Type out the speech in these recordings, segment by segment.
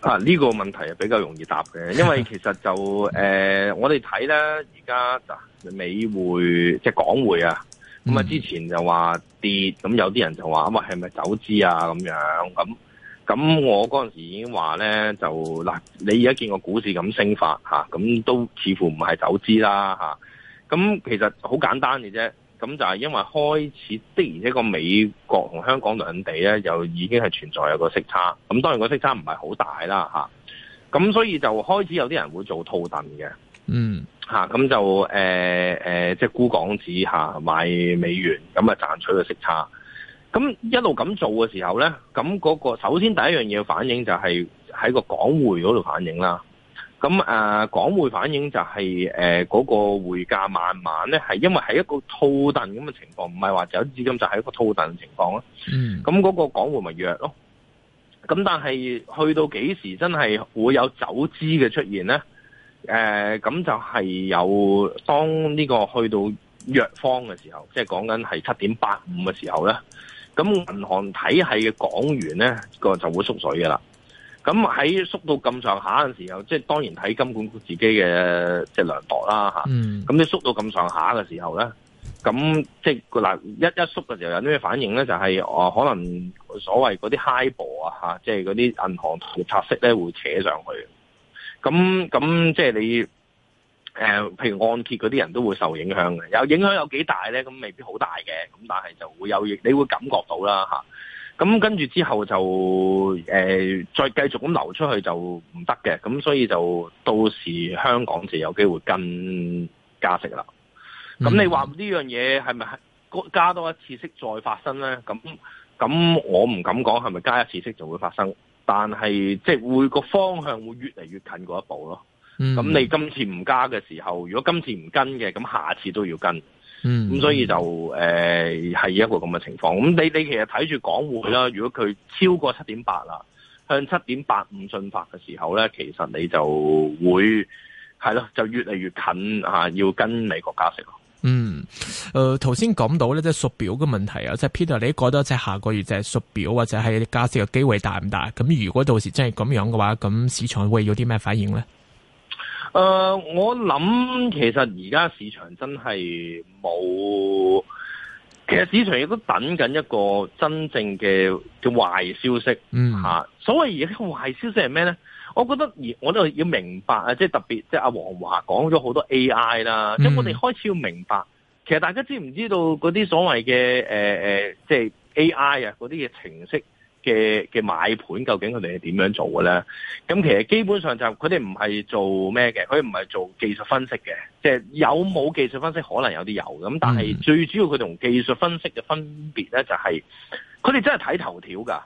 啊！呢、這個問題係比較容易答嘅，因為其實就誒、呃，我哋睇咧而家嗱，現在美匯即係港匯啊，咁啊之前就話跌，咁有啲人就話咁啊係咪走資啊咁樣咁，咁我嗰陣時已經話咧就嗱，你而家見個股市咁升法吓，咁、啊、都似乎唔係走資啦吓，咁、啊、其實好簡單嘅啫。咁就係因為開始的而且確美國同香港兩地咧，又已經係存在有個息差。咁當然個息差唔係好大啦，嚇、啊。咁所以就開始有啲人會做套戥嘅，嗯、啊，咁就誒、呃呃、即係沽港紙嚇、啊、買美元，咁啊賺取個息差。咁一路咁做嘅時候咧，咁嗰個首先第一樣嘢反應就係喺個港匯嗰度反應啦。咁誒、呃、港匯反應就係誒嗰個匯價慢慢呢，係因為係一個套戥咁嘅情況，唔係話走資金就係、是、一個套戥嘅情況咯。咁嗰個港匯咪弱囉。咁但係去到幾時真係會有走資嘅出現呢？誒、呃，咁就係有當呢個去到弱方嘅時候，即係講緊係七點八五嘅時候呢，咁銀行體系嘅港元呢，個就會縮水㗎喇。咁喺縮到咁上下嘅時候，即係當然睇金管局自己嘅即係量度啦嚇咁、嗯、你縮到咁上下嘅時候咧，咁即係嗱一一縮嘅時候有啲咩反應咧？就係哦，可能所謂嗰啲 HIBOR 啊嚇，即係嗰啲銀行同拆息咧會扯上去。咁咁即係你誒，譬如按揭嗰啲人都會受影響嘅。有影響有幾大咧？咁未必好大嘅，咁但係就會有，你會感覺到啦嚇。咁跟住之後就誒、呃、再繼續咁流出去就唔得嘅，咁所以就到時香港就有機會跟加息啦。咁你話呢樣嘢係咪加多一次息再發生呢？咁咁我唔敢講係咪加一次息就會發生，但係即係會個方向會越嚟越近嗰一步咯。咁你今次唔加嘅時候，如果今次唔跟嘅，咁下次都要跟。嗯，咁所以就誒係一個咁嘅情況。咁你你其實睇住港匯啦，如果佢超過七點八啦，向七點八五進發嘅時候咧，其實你就會係啦，就越嚟越近啊，要跟美國加息咯。嗯，誒、呃，頭先講到咧，即係縮表嘅問題啊，即係 Peter，你覺得即係下個月就係縮表或者係加息嘅機會大唔大？咁如果到時真係咁樣嘅話，咁市場會有啲咩反應咧？誒、呃，我諗其實而家市場真係冇，其實市場亦都等緊一個真正嘅嘅壞消息，吓、嗯啊。所謂而家嘅壞消息係咩咧？我覺得而我都要明白啊，即係特別即係阿黃華講咗好多 A I 啦，即係、嗯、我哋開始要明白，其實大家知唔知道嗰啲所謂嘅誒誒，即係 A I 啊嗰啲嘅程式？嘅嘅買盤究竟佢哋係點樣做嘅咧？咁其實基本上就佢哋唔係做咩嘅，佢哋唔係做技術分析嘅，即係有冇技術分析可能有啲有咁，但係最主要佢同技術分析嘅分別咧就係、是，佢哋真係睇頭條㗎。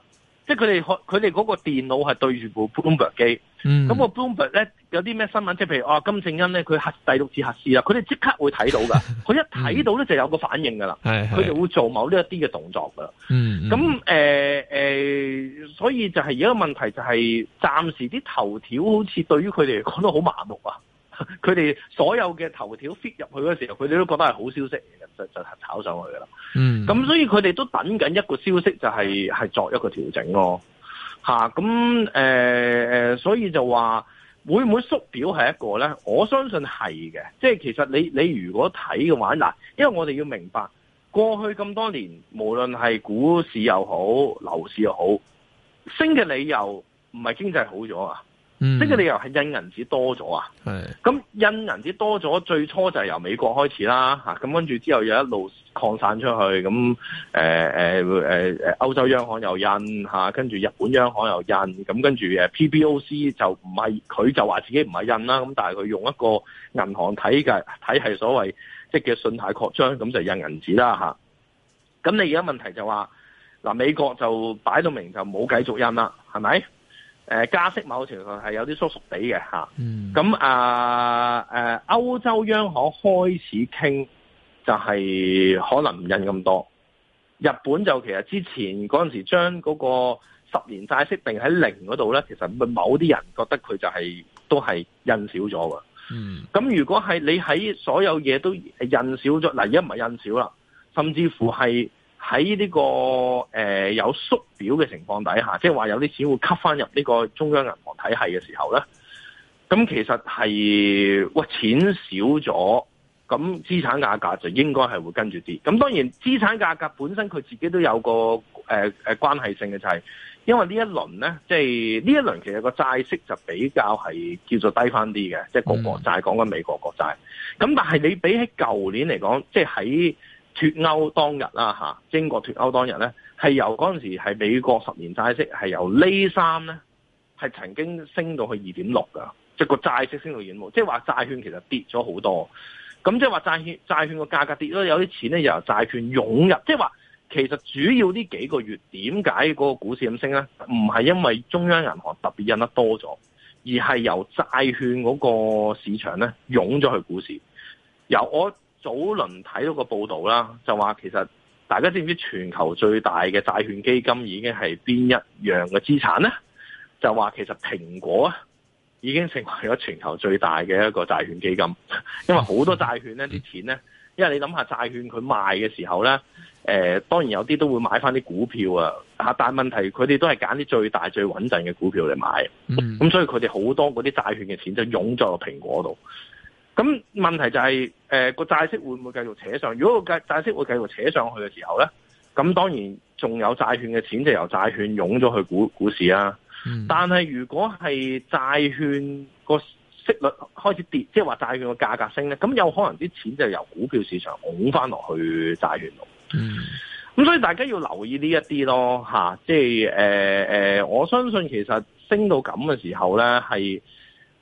即係佢哋佢哋嗰個電腦係對住部 Bloomberg 機，咁個、嗯、Bloomberg 咧有啲咩新聞，即係譬如啊金正恩咧佢核第六次核試啦，佢哋即刻會睇到噶，佢、 嗯、一睇到咧就有個反應噶啦，佢就是是 會做某呢一啲嘅動作噶。咁誒是、呃呃、所以就係而家個問題就係、是、暫時啲頭條好似對於佢哋嚟講都好麻木啊。佢哋 所有嘅頭條 fit 入去嘅時候，佢哋都覺得係好消息，就就係炒上去噶啦。嗯，咁所以佢哋都等緊一個消息，就是，就係係作一個調整咯，啊。吓，啊，咁誒誒，所以就話會唔會縮表係一個咧？我相信係嘅。即係其實你你如果睇嘅話，嗱，因為我哋要明白過去咁多年，無論係股市又好，樓市又好，升嘅理由唔係經濟好咗啊。嗯、即係理由係印銀紙多咗啊！咁印銀紙多咗，最初就係由美國開始啦嚇，咁跟住之後又一路擴散出去，咁誒歐洲央行又印嚇，跟住日本央行又印，咁跟住 PBOC 就唔係佢就話自己唔係印啦，咁但係佢用一個銀行體嘅體係所謂即係嘅信貸擴張，咁就印銀紙啦嚇。咁你而家問題就話嗱，美國就擺到明就冇繼續印啦，係咪？誒，加息某程度係有啲縮縮哋嘅吓，咁啊、嗯，誒，呃、呃、歐洲央行開始傾就係可能唔印咁多，日本就其實之前嗰陣時將嗰個十年債息定喺零嗰度咧，其實某啲人覺得佢就係、是、都係印少咗嘅，咁、嗯、如果係你喺所有嘢都印少咗，嗱，一唔係印少啦，甚至乎係。喺呢、這個誒、呃、有縮表嘅情況底下，即係話有啲錢會吸翻入呢個中央銀行體系嘅時候咧，咁其實係哇錢少咗，咁資產價格就應該係會跟住跌。咁當然資產價格本身佢自己都有個誒誒、呃、關係性嘅，就係因為呢一輪咧，即係呢一輪其實個債息就比較係叫做低翻啲嘅，即、就、係、是、各國債講緊、嗯、美國國債。咁但係你比起舊年嚟講，即係喺。脫歐當日啦，吓、啊、英國脫歐當日咧，係由嗰陣時係美國十年債息，係由這三呢三咧係曾經升到去二點六噶，即係個債息升到二點五，即係話債券其實跌咗好多，咁即係話債券債券個價格跌咗，有啲錢咧又由債券湧入，即係話其實主要呢幾個月點解嗰個股市咁升咧？唔係因為中央銀行特別印得多咗，而係由債券嗰個市場咧湧咗去股市，由我。早輪睇到個報道啦，就話其實大家知唔知全球最大嘅債券基金已經係邊一樣嘅資產呢？就話其實蘋果啊已經成為咗全球最大嘅一個債券基金，因為好多債券呢啲錢呢，因為你諗下債券佢賣嘅時候呢，呃、當然有啲都會買翻啲股票啊，嚇！但問題佢哋都係揀啲最大最穩陣嘅股票嚟買，咁、嗯嗯、所以佢哋好多嗰啲債券嘅錢就湧咗落蘋果度。咁問題就係、是，誒個債息會唔會繼續扯上？如果個債債息會繼續扯上去嘅時候咧，咁當然仲有債券嘅錢就由債券湧咗去股股市啦，啊。嗯、但係如果係債券個息率開始跌，即係話債券嘅價格升咧，咁有可能啲錢就由股票市場拱翻落去債券度。咁、嗯、所以大家要留意呢一啲咯，吓、啊，即係誒誒，我相信其實升到咁嘅時候咧，係。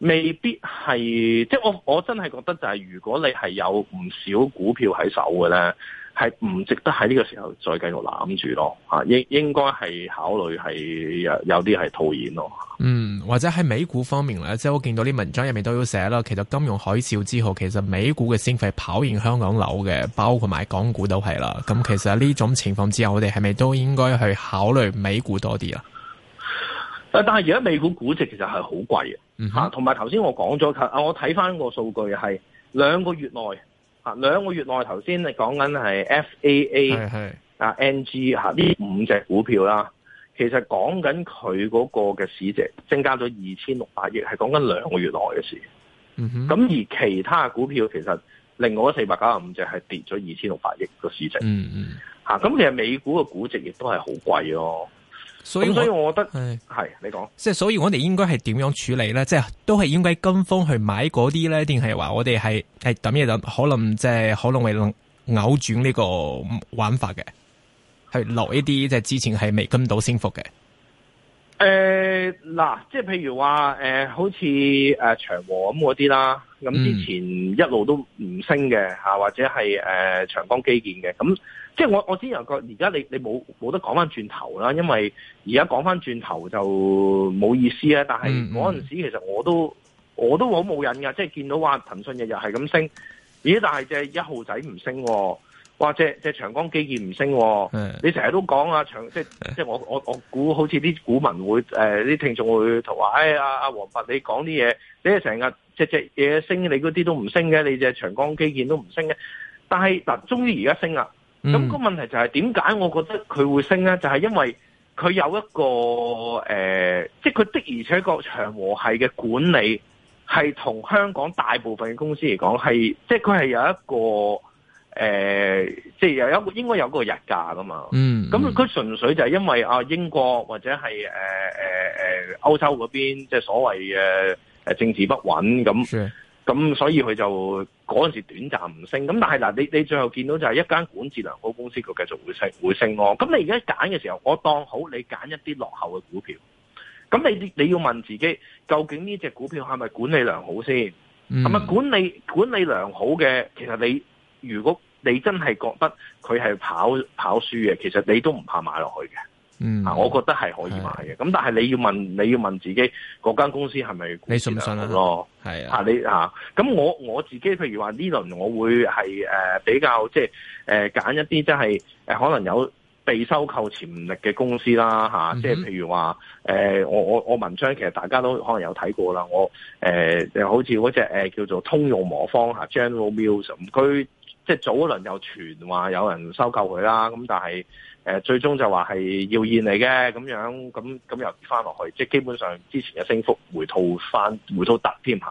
未必係，即係我我真係覺得就係，如果你係有唔少股票喺手嘅咧，係唔值得喺呢個時候再繼續攬住咯，嚇應應該係考慮係有有啲係套現咯。嗯，或者喺美股方面咧，即係我見到啲文章入面都有寫啦。其實金融海嘯之後，其實美股嘅升幅跑贏香港樓嘅，包括埋港股都係啦。咁其實呢種情況之下，我哋係咪都應該去考慮美股多啲啊？誒，但係而家美股估值其實係好貴嘅。吓，同埋頭先我講咗我睇翻個數據係兩個月內，兩個月內頭先你講緊係 F A A 是是 啊 N G 呢、啊、五隻股票啦，其實講緊佢嗰個嘅市值增加咗二千六百億，係講緊兩個月內嘅事。咁、嗯、哼而其他嘅股票其實另外四百九十五隻係跌咗二千六百億個市值。嗯嗯、啊，咁其實美股嘅估值亦都係好貴咯。所以所以，我覺得係是你講，即係所以我哋應該係點樣處理咧？即係都係應該跟風去買嗰啲咧，定係話我哋係係揼嘢揼，可能即、就、係、是、可能會扭轉呢個玩法嘅，係落一啲即係之前係未跟到升幅嘅。誒嗱、呃，即係譬如話誒、呃，好似誒長和咁嗰啲啦，咁之前一路都唔升嘅嚇，或者係誒長江基建嘅咁。即係我，我先由個而家你，你冇冇得講翻轉頭啦，因為而家講翻轉頭就冇意思啦。但係嗰陣時候其實我都我都好冇癮㗎，即係見到話騰訊日日係咁升，咦？但係隻一號仔唔升、哦，哇！隻隻長江基建唔升，你成日都講啊長，即係即係我我我估好似啲股民會誒啲聽眾會同話，誒阿阿王弼你講啲嘢，你係成日隻隻嘢升，你嗰啲都唔升嘅，你隻長江基建都唔升嘅，但係嗱、啊、終於而家升啦。咁個、嗯、問題就係點解我覺得佢會升咧？就係、是、因為佢有一個誒、呃，即係佢的而且確長和係嘅管理係同香港大部分嘅公司嚟講係，即係佢係有一個誒、呃，即係有一個應該有個日價噶嘛嗯。嗯。咁佢純粹就係因為啊英國或者係誒誒誒歐洲嗰邊即係所謂嘅誒政治不穩咁，咁的所以佢就。嗰陣時短暫唔升，咁但係嗱，你你最後見到就係一間管治良好公司，佢繼續會升，會升啊。咁你而家揀嘅時候，我當好你揀一啲落後嘅股票。咁你你要問自己，究竟呢隻股票係咪管理良好先？係咪、嗯、管理管理良好嘅？其實你如果你真係覺得佢係跑跑輸嘅，其實你都唔怕買落去嘅。嗯，啊，我覺得係可以買嘅。咁的但係你要問，你要問自己嗰間公司係咪你信唔信咯、啊？係啊，的啊，你咁、啊、我我自己譬如話呢輪，我會係、呃、比較即係揀一啲即係可能有被收購潛力嘅公司啦嚇。即、啊、係、嗯、哼譬如話、呃、我我我文章其實大家都可能有睇過啦。我誒、呃、好似嗰隻叫做通用磨坊、啊、General Mills 佢。即係早一輪又傳話有人收購佢啦，咁但係誒最終就話係謠言嚟嘅咁樣，咁咁又跌翻落去，即係基本上之前嘅升幅回吐翻，回吐突添。下。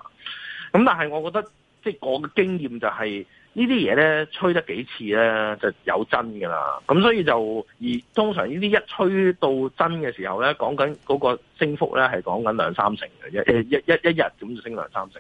咁但係我覺得即係我嘅經驗就係呢啲嘢咧，吹得幾次咧就有真㗎啦。咁所以就而通常呢啲一吹到真嘅時候咧，講緊嗰個升幅咧係講緊兩三成嘅，一一一一日咁就升兩三成。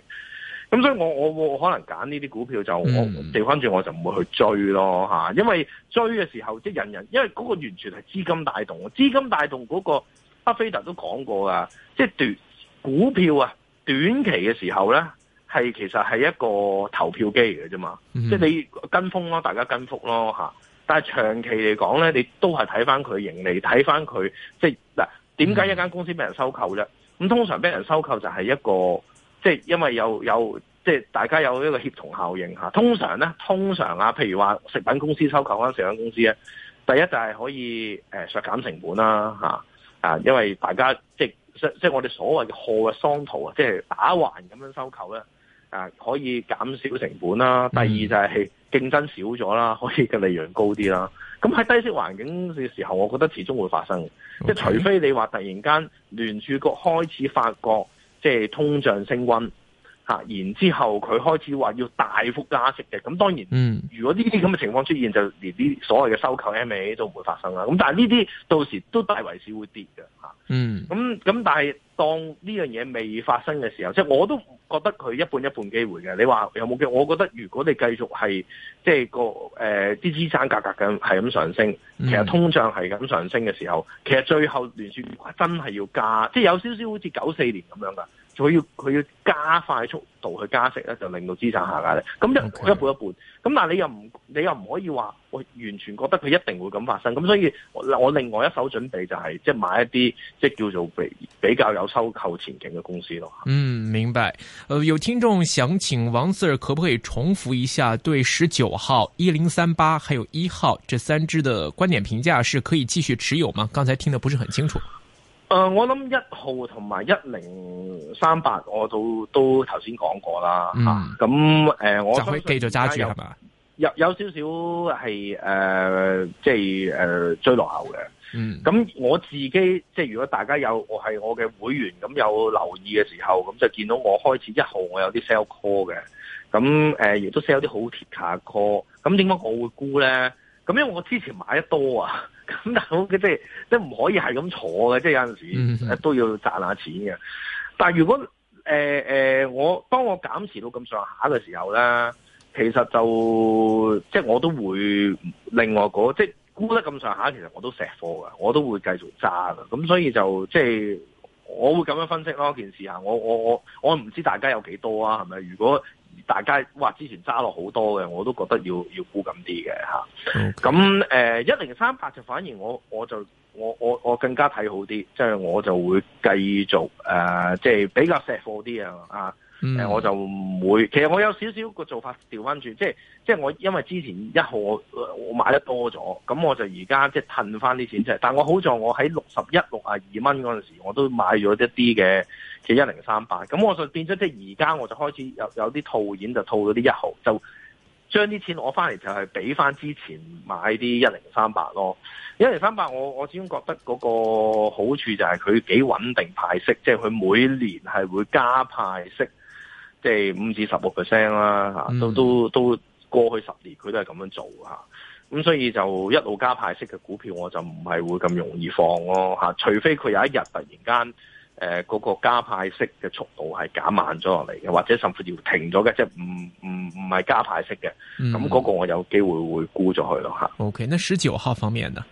咁、嗯、所以我我我可能揀呢啲股票就我掉翻轉，我、嗯、我就唔會去追咯嚇，因為追嘅時候即係人人，因為嗰個完全係資金帶動，資金帶動嗰、嗰個巴菲特都講過㗎，即係短股票啊，短期嘅時候咧係其實係一個投票機嚟嘅啫嘛，嗯、即係你跟風咯，大家跟風咯嚇，但係長期嚟講咧，你都係睇翻佢盈利，睇翻佢即係嗱點解一間公司俾人收購啫？咁通常俾人收購就係一個。即係因為有有即係大家有一個協同效應嚇，通常咧，通常啊，譬如話食品公司收購翻食品公司咧，第一就係可以誒、呃、削減成本啦啊，啊，因為大家即係即係我哋所謂嘅貨嘅商途啊，即係打橫咁樣收購咧啊，可以減少成本啦、啊。第二就係競爭少咗啦，可以嘅利潤高啲啦、啊。咁喺低息環境嘅時候，我覺得始終會發生 Okay. 即係除非你話突然間聯儲局開始發覺。即係通脹升溫。然之後佢開始話要大幅加息嘅，咁當然，嗯，如果呢啲咁嘅情況出現，嗯、就連啲所謂嘅收購 M&A 都唔會發生啦。咁但係呢啲到時都大為少會跌嘅，嚇，嗯，咁咁但係當呢樣嘢未發生嘅時候，即係我都覺得佢一半一半機會嘅。你話有冇機會？我覺得如果你繼續係即係個誒啲資產價格緊係咁上升，其實通脹係咁上升嘅時候，其實最後聯儲真係要加，即係有少少好似九四年咁樣噶。佢要佢要加快速度去加息咧，就令到資產下架咧。咁一一半一半，咁 Okay. 但係你又唔你又唔可以話，我完全覺得佢一定會咁發生。咁所以我另外一手準備就係即係買一啲即係叫做比比較有收購前景嘅公司咯。嗯，明白。誒，有聽眾想請王 Sir 可唔可以重複一下對十九號一零三八，38, 還有一號這三支嘅觀點評價，是可以繼續持有嗎？剛才聽得不是很清楚。誒，uh, 我諗一號同埋一零三八，我都都頭先講過啦吓。咁誒，我、嗯啊呃、就可以繼續揸住係嘛吧？有有少少係誒，即係、呃、追落後嘅。咁、嗯、我自己即係如果大家有我係我嘅會員，咁有留意嘅時候，咁就見到我開始一號我有啲 sell call 嘅。咁誒，亦、呃、都 sell 啲好貼卡 call。咁點解我會沽咧？咁因為我之前買得多啊。咁但係即係唔可以係咁坐嘅，即係有陣時都要賺下錢嘅。但係如果誒誒、呃呃，我當我減持到咁上下嘅時候咧，其實就即係我都會另外嗰即係估得咁上下，其實我都石貨噶，我都會繼續揸噶。咁所以就即係我會咁樣分析咯。件事啊，我我我我唔知大家有幾多啊？係咪如果？大家哇，之前揸落好多嘅，我都覺得要要沽緊啲嘅吓。咁誒 Okay.，一零三八就反而我我就我我我更加睇好啲，即係我就會繼續誒，即係比較惜貨啲啊。嗯、我就唔會，其實我有少少個做法調翻轉，即係即係我因為之前一號我，我買得多咗，咁我就而家即係褪翻啲錢出嚟。但我好我在我喺六十一六啊二蚊嗰陣時，我都買咗一啲嘅嘅一零三八，咁我就變咗即係而家我就開始有有啲套現，就套咗啲一號，就將啲錢攞翻嚟就係俾翻之前買啲一零三八咯。一零三八我我始終覺得嗰個好處就係佢幾穩定派息，即係佢每年係會加派息。即係五至十六 percent 啦，吓都都都過去十年佢都係咁樣做，吓咁所以就一路加派息嘅股票，我就唔係會咁容易放咯，吓除非佢有一日突然間誒嗰個加派息嘅速度係減慢咗落嚟嘅，或者甚至乎要停咗嘅，即係唔唔唔係加派息嘅，咁嗰、嗯、個我有機會會沽咗佢咯，吓。O K，那十九號方面呢？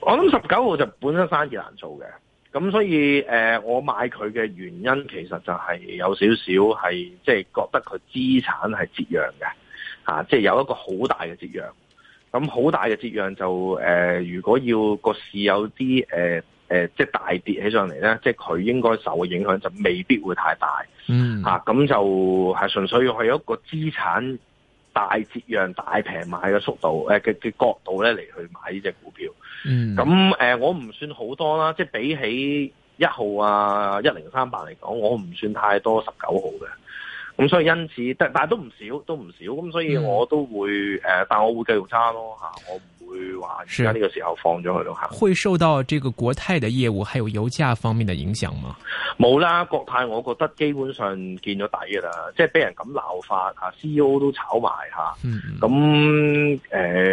我諗十九號就本身生意難做嘅。咁所以，誒、呃，我買佢嘅原因其實就係有少少係即係覺得佢資產係折讓嘅，吓、啊，即係有一個好大嘅折讓。咁好大嘅折讓就誒、呃，如果要個市有啲誒誒即係大跌起上嚟咧，即係佢應該受嘅影響就未必會太大，嗯、啊，吓，咁就係純粹要去一個資產大折讓大平買嘅速度誒嘅嘅角度咧嚟去買呢隻股票。嗯，咁誒、嗯嗯呃，我唔算好多啦，即係比起一號啊一零三八嚟講，我唔算太多十九號嘅，咁、嗯、所以因此，但但係都唔少，都唔少，咁、嗯、所以我都會誒、呃，但我會繼續揸咯吓，我唔會話而家呢個時候放咗佢咯吓。會受到呢個國泰嘅業務還有油價方面嘅影響嗎？冇啦，國泰我覺得基本上見咗底噶啦，即係俾人咁鬧法 CEO 都炒埋吓，咁、嗯、誒、嗯嗯嗯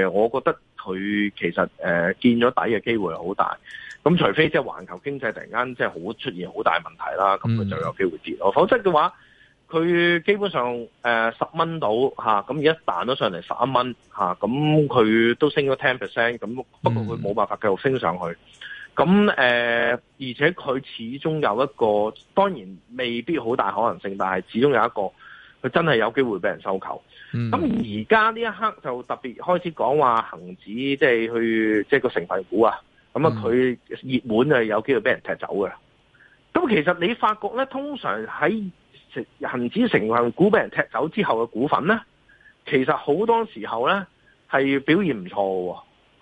呃，我覺得。佢其實誒見咗底嘅機會好大，咁除非即係環球經濟突然間即係好出現好大問題啦，咁佢就有機會跌。嗯、否則嘅話，佢基本上誒十蚊到嚇，咁而家彈咗上嚟十一蚊嚇，咁、啊、佢都升咗 ten percent，咁不過佢冇辦法繼續升上去。咁誒、嗯呃，而且佢始終有一個，當然未必好大可能性，但係始終有一個，佢真係有機會俾人收購。咁而家呢一刻就特別開始講話恒指，即係去即係個成分股啊。咁啊，佢熱門就有機會俾人踢走嘅。咁其實你發覺咧，通常喺恒指成分股俾人踢走之後嘅股份咧，其實好多時候咧係表現唔錯喎。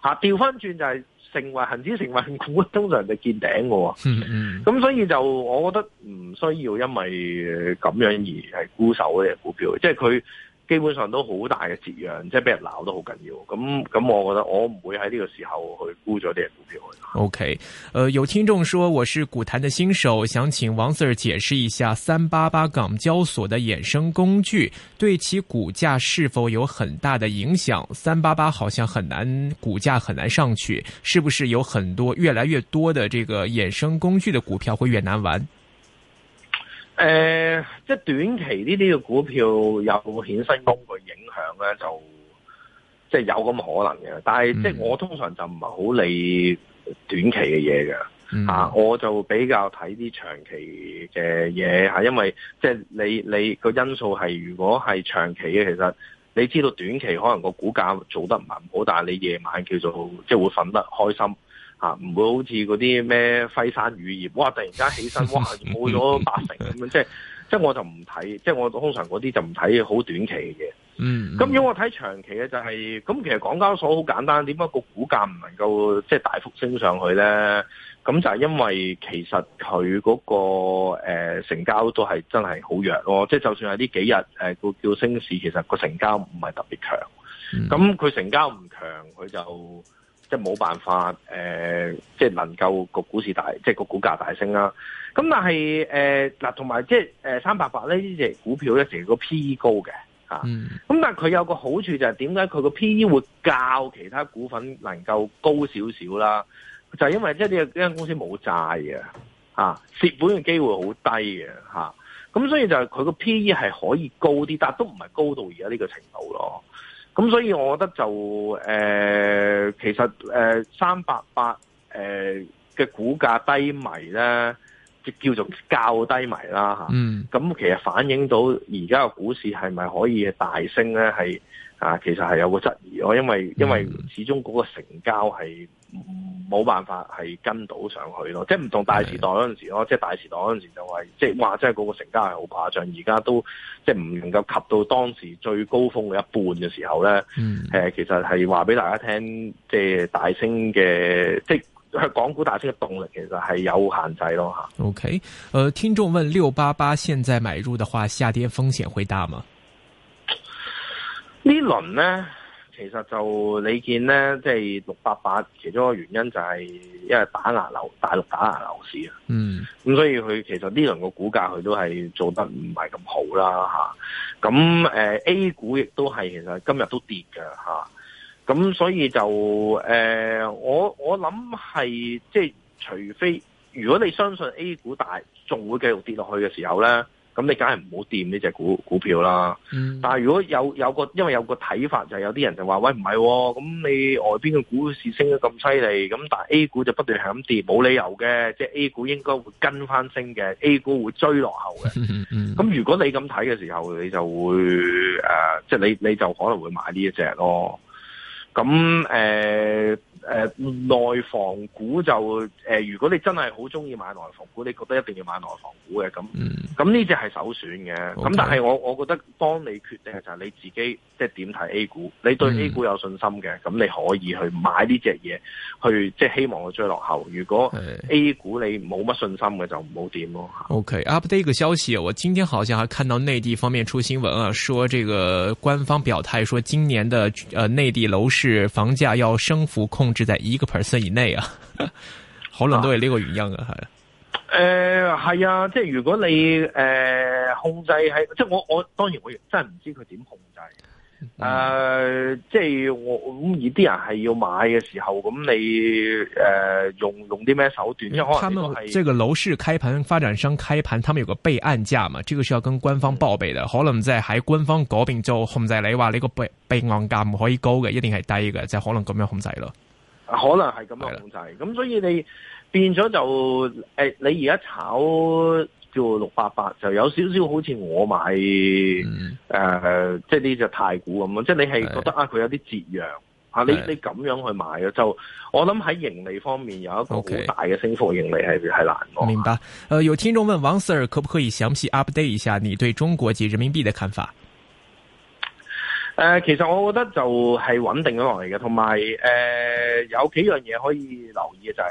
嚇、啊，調翻轉就係成為恒指成分股，通常就見頂嘅。咁、嗯、所以就我覺得唔需要因為咁樣而係固守嗰隻股票，即係佢。基本上都好大嘅折讓，即係俾人鬧都好緊要。咁咁，那我覺得我唔會喺呢個時候去沽咗啲人股票 OK，呃，有聽眾說：我是股壇的新手，想請王 Sir 解釋一下三八八港交所的衍生工具對其股價是否有很大的影響？三八八好像很難，股價很難上去，是不是有很多越來越多的這個衍生工具的股票會越難玩？誒、呃，即係短期呢啲嘅股票有冇衍生工具影響咧？就即係有咁可能嘅，但係、嗯、即係我通常就唔係好理短期嘅嘢嘅，嗯、啊，我就比較睇啲長期嘅嘢吓，因為即係你你個因素係如果係長期嘅，其實你知道短期可能個股價做得唔係咁好，但係你夜晚叫做即係會瞓得開心。啊，唔會好似嗰啲咩輝山乳業，哇！突然間起身，哇，冇咗八成咁 樣，即係即係我就唔睇，即係我通常嗰啲就唔睇好短期嘅嘢。嗯，咁如果我睇長期嘅就係、咁，咁其實港交所好簡單，點解個股價唔能夠即係大幅升上去咧？咁就係因為其實佢嗰、個、呃、成交都係真係好弱咯，即係就算係呢幾日誒、呃、叫叫升市，其實個成交唔係特別強。咁佢 成交唔強，佢就。即係冇辦法，誒、呃，即係能夠個股市大，即係個股價大升啦。咁但係，誒、呃，嗱、就是，同埋即係，誒，三百八呢啲隻股票咧，成個 P E 高嘅，吓、嗯。咁但係佢有個好處就係，點解佢個 P E 會較其他股份能夠高少少啦？就係、是、因為即係呢間公司冇債嘅，吓、啊，蝕本嘅機會好低嘅，吓、啊。咁所以就係佢個 P E 係可以高啲，但係都唔係高到而家呢個程度咯。咁所以，我覺得就誒、呃，其實誒，三八八誒嘅股價低迷咧，即叫做較低迷啦嚇。咁、嗯、其實反映到而家嘅股市係咪可以大升咧？係。啊，其實係有個質疑咯，因為因為始終嗰個成交係冇辦法係跟到上去咯，是的即係唔同大時代嗰陣時咯，的即係大時代嗰陣時就話，即係哇，即係嗰個成交係好誇張，而家都即係唔能夠及到當時最高峰嘅一半嘅時候咧。誒的，其實係話俾大家聽，即係大升嘅，即係港股大升嘅動力其實係有限制咯吓。OK，誒、呃，聽眾問六八八現在買入嘅話，下跌風險會大嗎？呢輪呢，其實就你見呢，即係六八八，其中一個原因就係因為打壓樓，大陸打壓樓市啊。嗯。咁所以佢其實呢輪個股價佢都係做得唔係咁好啦，吓。咁誒，A 股亦都係，其實今日都跌嘅吓。咁、啊、所以就誒、呃，我我諗係即係，就是、除非如果你相信 A 股大，仲會繼續跌落去嘅時候呢。咁你梗係唔好掂呢隻股股票啦。但係如果有有個，因為有個睇法就係有啲人就話喂，唔係喎，咁你外邊嘅股市升得咁犀利，咁但係 A 股就不斷係咁跌，冇理由嘅。即係 A 股應該會跟翻升嘅，A 股會追落後嘅。咁 如果你咁睇嘅時候，你就會誒，即係你你就可能會買呢一隻咯。咁、嗯、誒。呃誒、呃、內房股就誒、呃，如果你真係好中意買內房股，你覺得一定要買內房股嘅咁，咁呢隻係首選嘅。咁 Okay, 但係我我覺得當你決定嘅就係你自己，即係點睇 A 股。你對 A 股有信心嘅，咁、嗯、你可以去買呢隻嘢，去即係、就是、希望佢追落後。如果 A 股你冇乜信心嘅，就唔好點咯。OK，update、okay, 一個消息，我今天好像係看到內地方面出新聞啊，說這個官方表態，說今年的誒、呃、內地樓市房價要升幅控制，只在一個 percent 以內啊，可能都係呢個原因啊，係誒係啊，即係如果你誒、呃、控制喺，即係我我當然我亦真係唔知佢點控制誒、嗯呃，即係我咁而啲人係要買嘅時候，咁你誒、呃、用用啲咩手段？因為可能係這個樓市開盤，發展商開盤，他們有個備案價嘛，這個需要跟官方報備的，可能即係喺官方嗰邊做控制。你話你個備備案價唔可以高嘅，一定係低嘅，就可能咁樣控制咯。可能係咁樣控制，咁所以你變咗就誒，你而家炒叫六八八就有少少好似我買誒、嗯呃，即係呢隻太古咁樣，即係你係覺得是的啊，佢有啲折讓啊，你你咁樣去買啊，就我諗喺盈利方面有一個好大嘅升幅盈利係係 Okay 難嘅。明白。誒，有聽眾問王 Sir 可唔可以詳細 update 一下你對中國及人民幣嘅看法？誒、呃，其實我覺得就係穩定咗落嚟嘅，同埋誒有幾樣嘢可以留意嘅就係、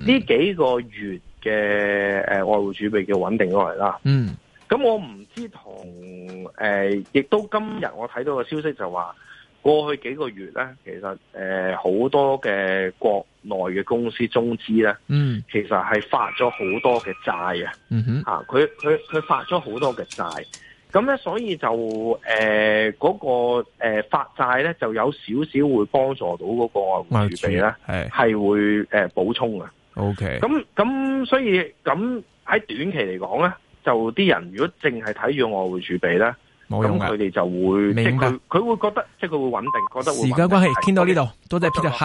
是、呢幾個月嘅誒、呃、外匯儲備叫穩定咗落嚟啦。嗯，咁我唔知同誒、呃，亦都今日我睇到個消息就話過去幾個月咧，其實誒好、呃、多嘅國內嘅公司中資咧，嗯，其實係發咗好多嘅債啊。嗯哼，吓佢佢佢發咗好多嘅債。咁咧所以就誒、呃，那個誒、呃、發債咧就有少少會幫助到個外匯儲備咧係係會誒補充嘅、啊、那 ok 咁咁所以咁喺短期嚟講咧，就啲人如果淨係睇住外匯儲備咧，咁佢哋就會明白，即佢佢會覺得即係佢會穩定覺得會穩定，時間關係傾是到呢度，多謝，Peter 多謝